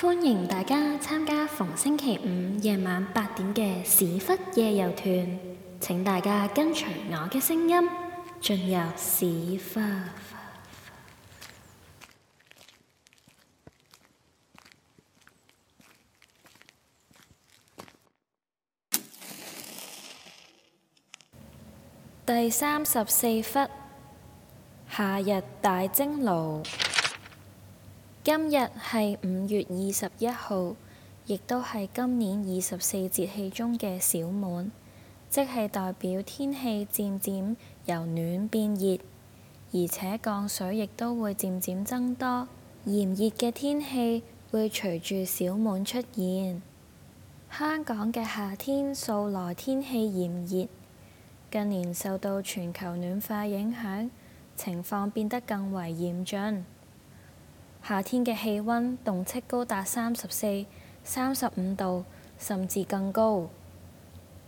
歡迎大家參加逢星期五夜晚八點嘅史窟夜遊團。請大家跟隨我嘅聲音進入史窟。 第三十四窟，夏日大蒸爐。今日係五月二十一號，亦都係今年二十四節氣中嘅小滿，即係代表天氣漸漸由暖變熱，而且降水亦都會漸漸增多。炎熱嘅天氣會隨住小滿出現。香港嘅夏天素來天氣炎熱，近年受到全球暖化影響，情況變得更為嚴峻。夏天嘅氣温，動輒高達三十四、三十五度，甚至更高。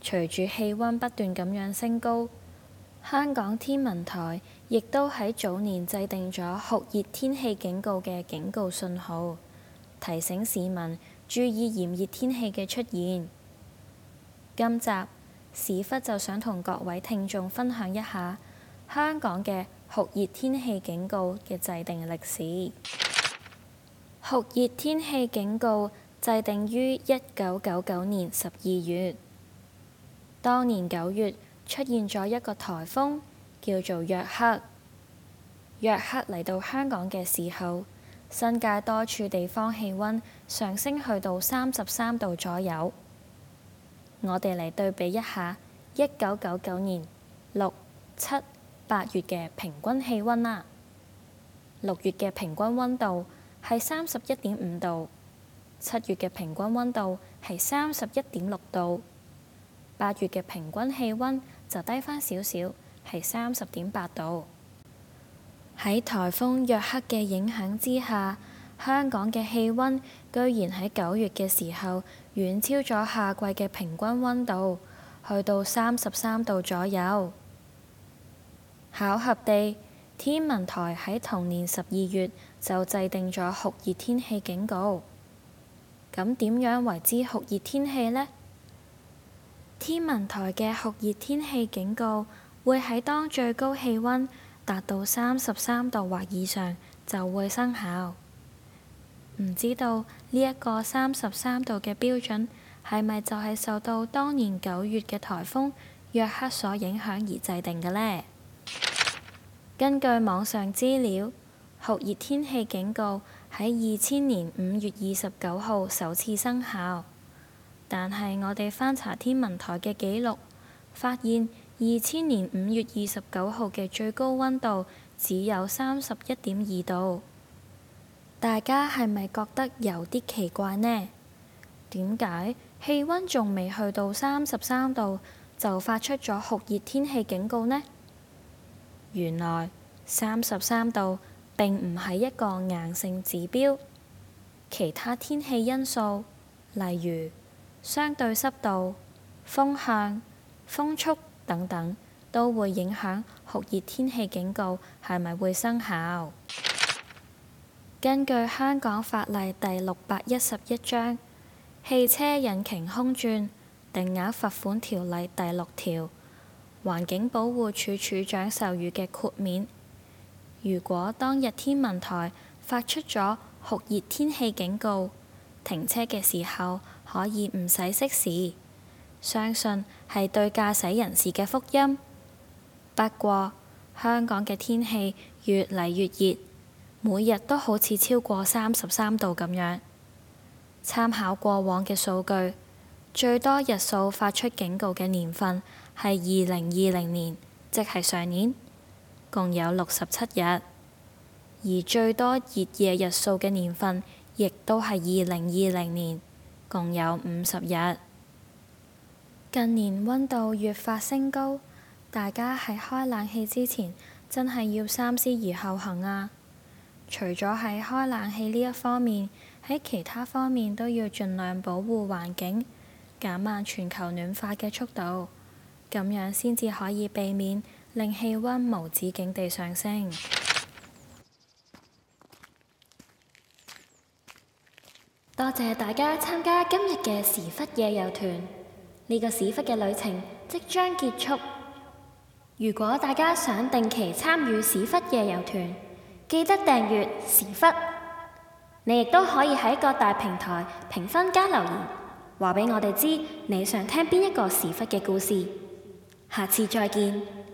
隨住氣温不斷咁樣升高，香港天文台亦都喺早年制定咗酷熱天氣警告嘅警告信號，提醒市民注意炎熱天氣嘅出現。今集，史窟就想同各位聽眾分享一下香港嘅酷熱天氣警告嘅制定歷史。酷熱天氣警告制定於一九九九年十二月。當年九月出現咗一個颱風，叫做約克。約克嚟到香港嘅時候，新界多處地方氣温上升去到三十三度左右。我哋嚟對比一下一九九九年六、七、八月嘅平均氣温啦。六月嘅平均温度。係三十一點五度，七月嘅平均温度係三十一點六度，八月嘅平均氣温就低返少少，係三十點八度。喺颱風約克嘅影響之下，香港嘅氣温居然喺九月嘅時候遠超咗夏季嘅平均温度，去到三十三度左右。巧合地。天文台喺同年十二月就制定咗酷熱天氣警告。咁點樣為之酷熱天氣呢？天文台嘅酷熱天氣警告會喺當最高氣溫達到三十三度或以上就會生效。唔知道呢一個三十三度嘅標準係咪就係受到當年九月嘅颱風約克所影響而制定嘅呢？根據網上資料，酷熱天氣警告喺二千年五月二十九號首次生效，但係我哋翻查天文台嘅記錄，發現二千年五月二十九號嘅最高温度只有三十一點二度。大家係咪覺得有啲奇怪呢？點解氣温仲未去到三十三度，就發出咗酷熱天氣警告呢？原來三十三度並唔係一個硬性指標，其他天氣因素，例如相對濕度、風向、風速等等，都會影響酷熱天氣警告係咪會生效。 根據香港法例第六百一十一章《汽車引擎空轉定額罰款條例第條》第六條。.環境保護署署長授予嘅豁免，如果當日天文台發出咗酷熱天氣警告，停車嘅時候可以唔使熄匙，相信係對駕駛人士嘅福音。不過，香港嘅天氣越嚟越熱，每日都好似超過三十三度咁樣。參考過往嘅數據，最多日數發出警告嘅年份，係二零二零年，即係上年，共有六十七日。而最多熱夜日數嘅年份，亦都係二零二零年，共有五十日。近年溫度越發升高，大家喺開冷氣之前，真係要三思而後行啊！除咗喺開冷氣呢一方面，喺其他方面都要盡量保護環境，減慢全球暖化嘅速度。咁樣先至可以避免令氣温無止境地上升。多謝大家參加今日嘅史窟夜遊團，呢、這個史窟嘅旅程即將結束。如果大家想定期參與史窟夜遊團，記得訂閱史窟。你亦都可以喺各大平台評分加留言，話俾我哋知你想聽邊一個史窟嘅故事。下次再見。